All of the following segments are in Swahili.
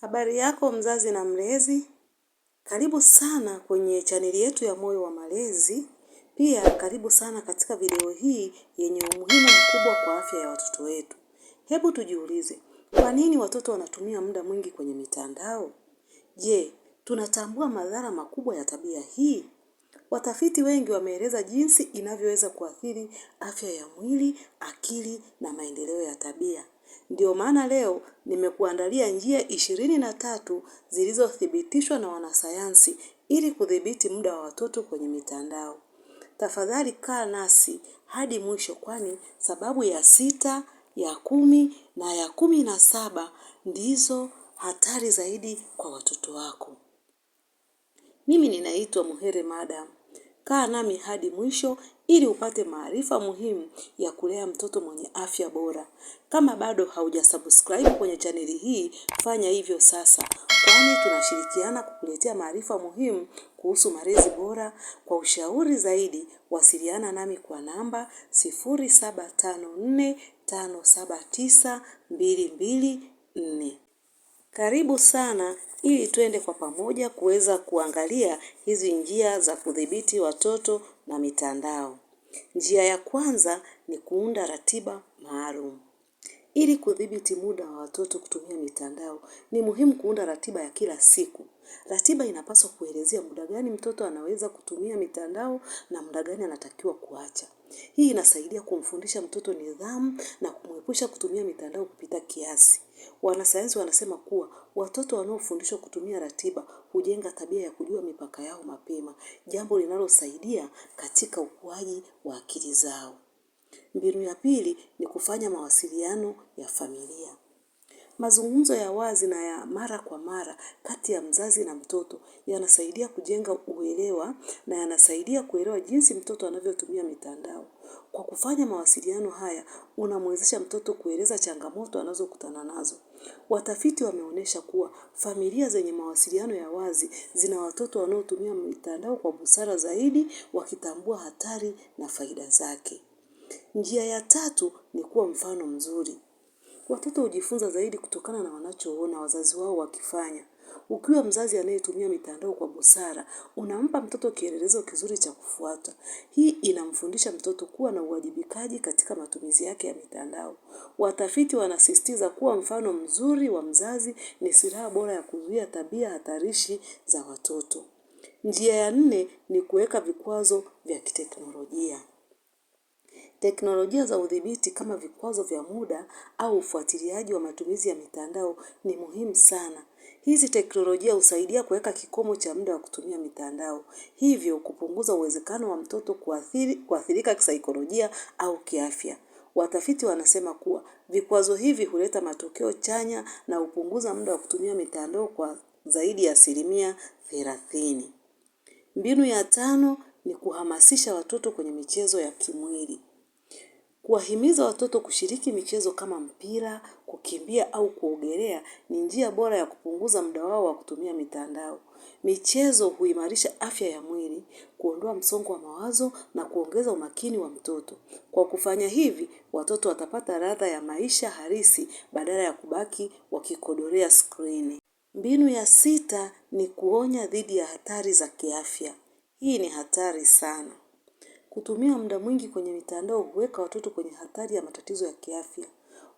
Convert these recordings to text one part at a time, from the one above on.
Habari yako mzazi na mlezi, karibu sana kwenye chaneli yetu ya Moyo wa Malezi. Pia karibu sana katika video hii yenye umuhimu mkubwa kwa afya ya watoto wetu. Hebu tujiulize, kwa nini watoto wanatumia muda mwingi kwenye mitandao? Je, tunatambua madhara makubwa ya tabia hii? Watafiti wengi wameeleza jinsi inavyoweza kuathiri afya ya mwili, akili na maendeleo ya tabia. Ndio maana leo nimekuandalia njia ishirini na tatu zilizothibitishwa na wanasayansi ili kudhibiti muda wa watoto kwenye mitandao. Tafadhali kaa nasi hadi mwisho kwani sababu ya sita, ya kumi na ya kumi na saba ndizo hatari zaidi kwa watoto wako. Mimi ninaitwa Muhere Madam. Kaa nami hadi mwisho ili upate maarifa muhimu ya kulea mtoto mwenye afya bora. Kama bado haujasubscribe kwenye chaneli hii, fanya hivyo sasa, kwani tunashirikiana kukuletea maarifa muhimu kuhusu malezi bora. Kwa ushauri zaidi, wasiliana nami kwa namba 0754579224. Karibu sana ili twende kwa pamoja kuweza kuangalia hizi njia za kudhibiti watoto na mitandao. Njia ya kwanza ni kuunda ratiba maalum. Ili kudhibiti muda wa watoto kutumia mitandao, ni muhimu kuunda ratiba ya kila siku. Ratiba inapaswa kuelezea muda gani mtoto anaweza kutumia mitandao na muda gani anatakiwa kuacha. Hii inasaidia kumfundisha mtoto nidhamu na kumwepusha kutumia mitandao kupita kiasi. Wanasayansi wanasema kuwa watoto wanaofundishwa kutumia ratiba hujenga tabia ya kujua mipaka yao mapema, jambo linalosaidia katika ukuaji wa akili zao. Mbinu ya pili ni kufanya mawasiliano ya familia. Mazungumzo ya wazi na ya mara kwa mara kati ya mzazi na mtoto yanasaidia kujenga uelewa na yanasaidia kuelewa jinsi mtoto anavyotumia mitandao. Kwa kufanya mawasiliano haya, unamwezesha mtoto kueleza changamoto anazokutana nazo. Watafiti wameonyesha kuwa familia zenye mawasiliano ya wazi zina watoto wanaotumia mitandao kwa busara zaidi wakitambua hatari na faida zake. Njia ya tatu ni kuwa mfano mzuri. Watoto hujifunza zaidi kutokana na wanachoona wazazi wao wakifanya. Ukiwa mzazi anayetumia mitandao kwa busara, unampa mtoto kielelezo kizuri cha kufuata. Hii inamfundisha mtoto kuwa na uwajibikaji katika matumizi yake ya mitandao. Watafiti wanasisitiza kuwa mfano mzuri wa mzazi ni silaha bora ya kuzuia tabia hatarishi za watoto. Njia ya nne ni kuweka vikwazo vya kiteknolojia. Teknolojia za udhibiti kama vikwazo vya muda au ufuatiliaji wa matumizi ya mitandao ni muhimu sana. Hizi teknolojia husaidia kuweka kikomo cha muda wa kutumia mitandao. Hivyo kupunguza uwezekano wa mtoto kuathirika kisaikolojia au kiafya. Watafiti wanasema kuwa vikwazo hivi huleta matokeo chanya na hupunguza muda wa kutumia mitandao kwa zaidi ya asilimia thelathini. Mbinu ya tano ni kuhamasisha watoto kwenye michezo ya kimwili. Kuwahimiza watoto kushiriki michezo kama mpira, kukimbia au kuogelea ni njia bora ya kupunguza muda wao wa kutumia mitandao. Michezo huimarisha afya ya mwili, kuondoa msongo wa mawazo na kuongeza umakini wa mtoto. Kwa kufanya hivi, watoto watapata ladha ya maisha halisi badala ya kubaki wakikodorea skrini. Mbinu ya sita ni kuonya dhidi ya hatari za kiafya. Hii ni hatari sana. Kutumia muda mwingi kwenye mitandao huweka watoto kwenye hatari ya matatizo ya kiafya.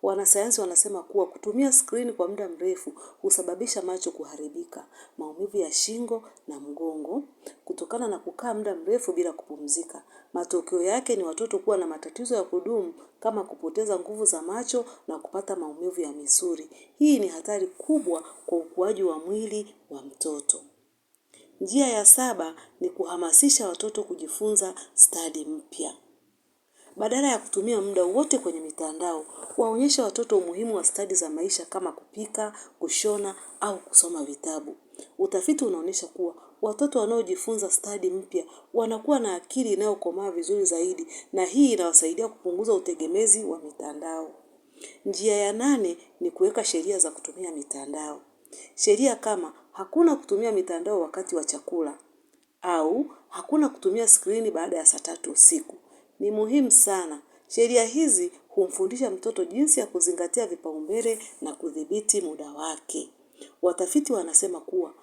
Wanasayansi wanasema kuwa kutumia skrini kwa muda mrefu husababisha macho kuharibika, maumivu ya shingo na mgongo kutokana na kukaa muda mrefu bila kupumzika. Matokeo yake ni watoto kuwa na matatizo ya kudumu kama kupoteza nguvu za macho na kupata maumivu ya misuli. Hii ni hatari kubwa kwa ukuaji wa mwili wa mtoto. Njia ya saba ni kuhamasisha watoto kujifunza stadi mpya. Badala ya kutumia muda wote kwenye mitandao, waonyesha watoto umuhimu wa stadi za maisha kama kupika, kushona au kusoma vitabu. Utafiti unaonyesha kuwa watoto wanaojifunza stadi mpya wanakuwa na akili inayokomaa vizuri zaidi na hii inawasaidia kupunguza utegemezi wa mitandao. Njia ya nane ni kuweka sheria za kutumia mitandao. Sheria kama hakuna kutumia mitandao wakati wa chakula au hakuna kutumia skrini baada ya saa tatu usiku. Ni muhimu sana. Sheria hizi humfundisha mtoto jinsi ya kuzingatia vipaumbele na kudhibiti muda wake. Watafiti wanasema kuwa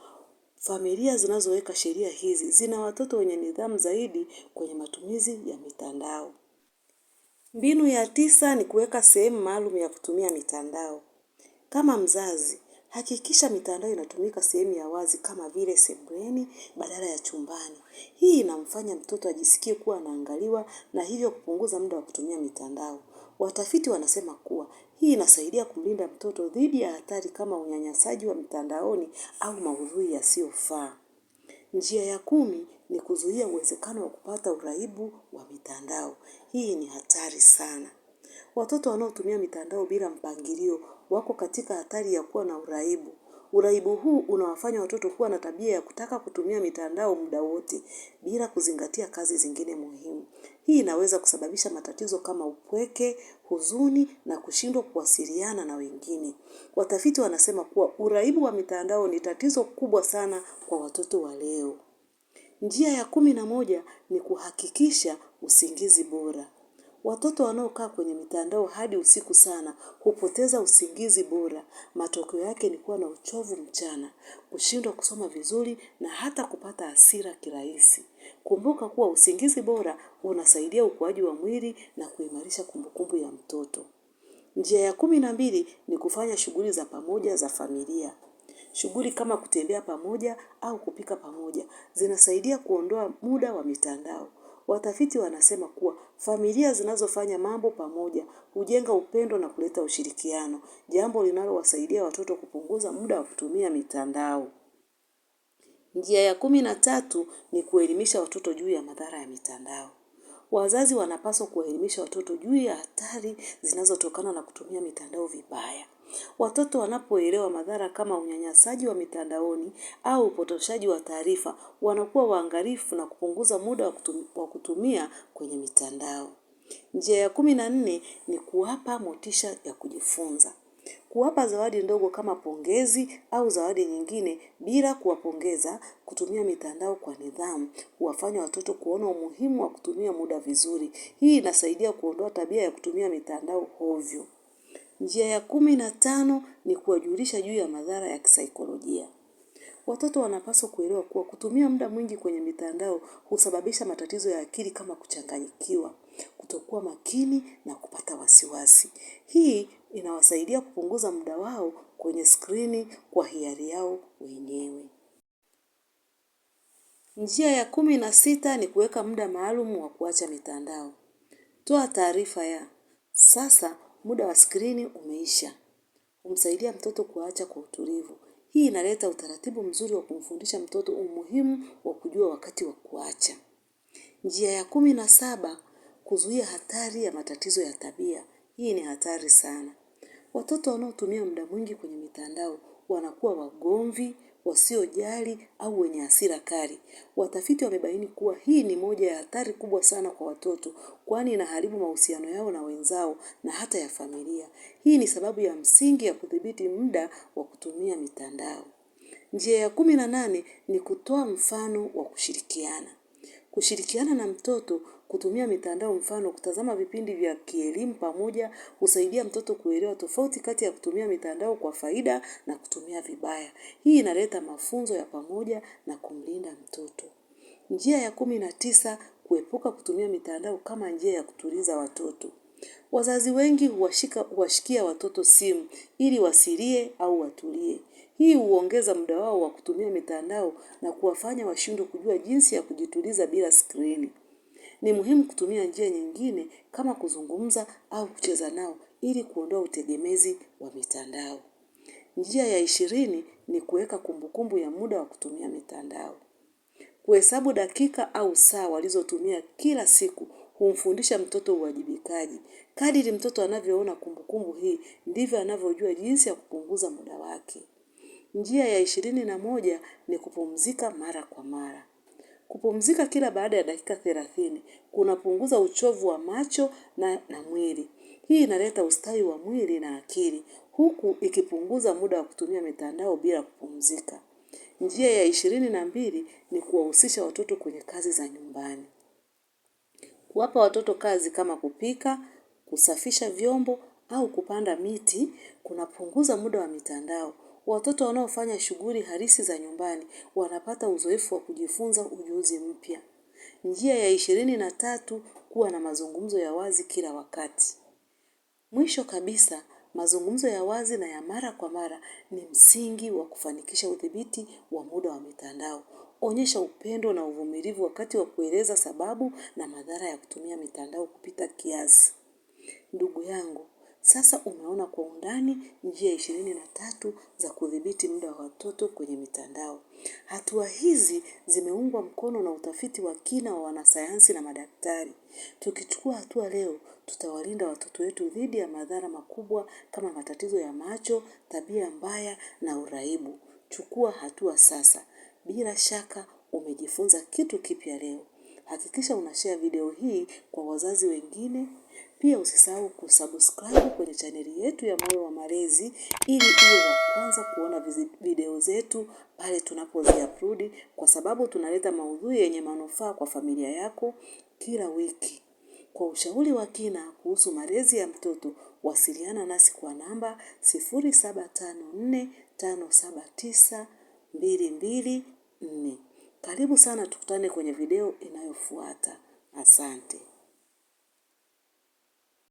familia zinazoweka sheria hizi zina watoto wenye nidhamu zaidi kwenye matumizi ya mitandao. Mbinu ya tisa ni kuweka sehemu maalum ya kutumia mitandao. Kama mzazi, Hakikisha mitandao inatumika sehemu ya wazi kama vile sebuleni badala ya chumbani. Hii inamfanya mtoto ajisikie kuwa anaangaliwa na hivyo kupunguza muda wa kutumia mitandao. Watafiti wanasema kuwa hii inasaidia kumlinda mtoto dhidi ya hatari kama unyanyasaji wa mitandaoni au maudhui yasiyofaa. Njia ya kumi ni kuzuia uwezekano wa kupata uraibu wa mitandao. Hii ni hatari sana. Watoto wanaotumia mitandao bila mpangilio wako katika hatari ya kuwa na uraibu. Uraibu huu unawafanya watoto kuwa na tabia ya kutaka kutumia mitandao muda wote bila kuzingatia kazi zingine muhimu. Hii inaweza kusababisha matatizo kama upweke, huzuni na kushindwa kuwasiliana na wengine. Watafiti wanasema kuwa uraibu wa mitandao ni tatizo kubwa sana kwa watoto wa leo. Njia ya kumi na moja ni kuhakikisha usingizi bora. Watoto wanaokaa kwenye mitandao hadi usiku sana hupoteza usingizi bora. Matokeo yake ni kuwa na uchovu mchana, kushindwa kusoma vizuri na hata kupata hasira kirahisi. Kumbuka kuwa usingizi bora unasaidia ukuaji wa mwili na kuimarisha kumbukumbu ya mtoto. Njia ya kumi na mbili ni kufanya shughuli za pamoja za familia. Shughuli kama kutembea pamoja au kupika pamoja zinasaidia kuondoa muda wa mitandao. Watafiti wanasema kuwa familia zinazofanya mambo pamoja hujenga upendo na kuleta ushirikiano, jambo linalowasaidia watoto kupunguza muda wa kutumia mitandao. Njia ya kumi na tatu ni kuelimisha watoto juu ya madhara ya mitandao. Wazazi wanapaswa kuwaelimisha watoto juu ya hatari zinazotokana na kutumia mitandao vibaya. Watoto wanapoelewa madhara kama unyanyasaji wa mitandaoni au upotoshaji wa taarifa, wanakuwa waangalifu na kupunguza muda wa kutumia kwenye mitandao. Njia ya kumi na nne ni kuwapa motisha ya kujifunza. Kuwapa zawadi ndogo kama pongezi au zawadi nyingine bila kuwapongeza, kutumia mitandao kwa nidhamu, huwafanya watoto kuona umuhimu wa kutumia muda vizuri. Hii inasaidia kuondoa tabia ya kutumia mitandao ovyo. Njia ya kumi na tano ni kuwajulisha juu ya madhara ya kisaikolojia. Watoto wanapaswa kuelewa kuwa kutumia muda mwingi kwenye mitandao husababisha matatizo ya akili kama kuchanganyikiwa, kutokuwa makini na kupata wasiwasi. Hii inawasaidia kupunguza muda wao kwenye skrini kwa hiari yao wenyewe. Njia ya kumi na sita ni kuweka muda maalum wa kuacha mitandao. Toa taarifa ya sasa Muda wa skrini umeisha. Humsaidia mtoto kuacha kwa utulivu. Hii inaleta utaratibu mzuri wa kumfundisha mtoto umuhimu wa kujua wakati wa kuacha. Njia ya kumi na saba, kuzuia hatari ya matatizo ya tabia. Hii ni hatari sana. Watoto wanaotumia muda mwingi kwenye mitandao wanakuwa wagomvi, wasiojali au wenye hasira kali. Watafiti wamebaini kuwa hii ni moja ya hatari kubwa sana kwa watoto, kwani inaharibu mahusiano yao na wenzao na hata ya familia. Hii ni sababu ya msingi ya kudhibiti muda wa kutumia mitandao. Njia ya kumi na nane ni kutoa mfano wa kushirikiana. Kushirikiana na mtoto Kutumia mitandao, mfano kutazama vipindi vya kielimu pamoja, husaidia mtoto kuelewa tofauti kati ya kutumia mitandao kwa faida na kutumia vibaya. Hii inaleta mafunzo ya pamoja na kumlinda mtoto. Njia ya kumi na tisa, kuepuka kutumia mitandao kama njia ya kutuliza watoto. Wazazi wengi huwashikia watoto simu ili wasilie au watulie. Hii huongeza muda wao wa kutumia mitandao na kuwafanya washindwe kujua jinsi ya kujituliza bila skrini. Ni muhimu kutumia njia nyingine kama kuzungumza au kucheza nao ili kuondoa utegemezi wa mitandao. Njia ya ishirini ni kuweka kumbukumbu ya muda wa kutumia mitandao. Kuhesabu dakika au saa walizotumia kila siku humfundisha mtoto uwajibikaji. Kadiri mtoto anavyoona kumbukumbu hii, ndivyo anavyojua jinsi ya kupunguza muda wake. Njia ya ishirini na moja ni kupumzika mara kwa mara. Kupumzika kila baada ya dakika thelathini kunapunguza uchovu wa macho na, na mwili. Hii inaleta ustawi wa mwili na akili huku ikipunguza muda wa kutumia mitandao bila kupumzika. Njia ya ishirini na mbili ni kuwahusisha watoto kwenye kazi za nyumbani. Kuwapa watoto kazi kama kupika, kusafisha vyombo au kupanda miti kunapunguza muda wa mitandao Watoto wanaofanya shughuli halisi za nyumbani wanapata uzoefu wa kujifunza ujuzi mpya. Njia ya ishirini na tatu, kuwa na mazungumzo ya wazi kila wakati. Mwisho kabisa, mazungumzo ya wazi na ya mara kwa mara ni msingi wa kufanikisha udhibiti wa muda wa mitandao. Onyesha upendo na uvumilivu wakati wa kueleza sababu na madhara ya kutumia mitandao kupita kiasi. Ndugu yangu, sasa umeona kwa undani njia ishirini na tatu za kudhibiti muda wa watoto kwenye mitandao. Hatua hizi zimeungwa mkono na utafiti wa kina wa wanasayansi na madaktari. Tukichukua hatua leo, tutawalinda watoto wetu dhidi ya madhara makubwa kama matatizo ya macho, tabia mbaya na uraibu. Chukua hatua sasa. Bila shaka umejifunza kitu kipya leo. Hakikisha unashare video hii kwa wazazi wengine pia usisahau kusubscribe kwenye chaneli yetu ya Moyo wa Malezi ili uwe wa kwanza kuona video zetu pale tunapoziupload, kwa sababu tunaleta maudhui yenye manufaa kwa familia yako kila wiki. Kwa ushauri wa kina kuhusu malezi ya mtoto, wasiliana nasi kwa namba 0754579224. Karibu sana, tukutane kwenye video inayofuata. Asante.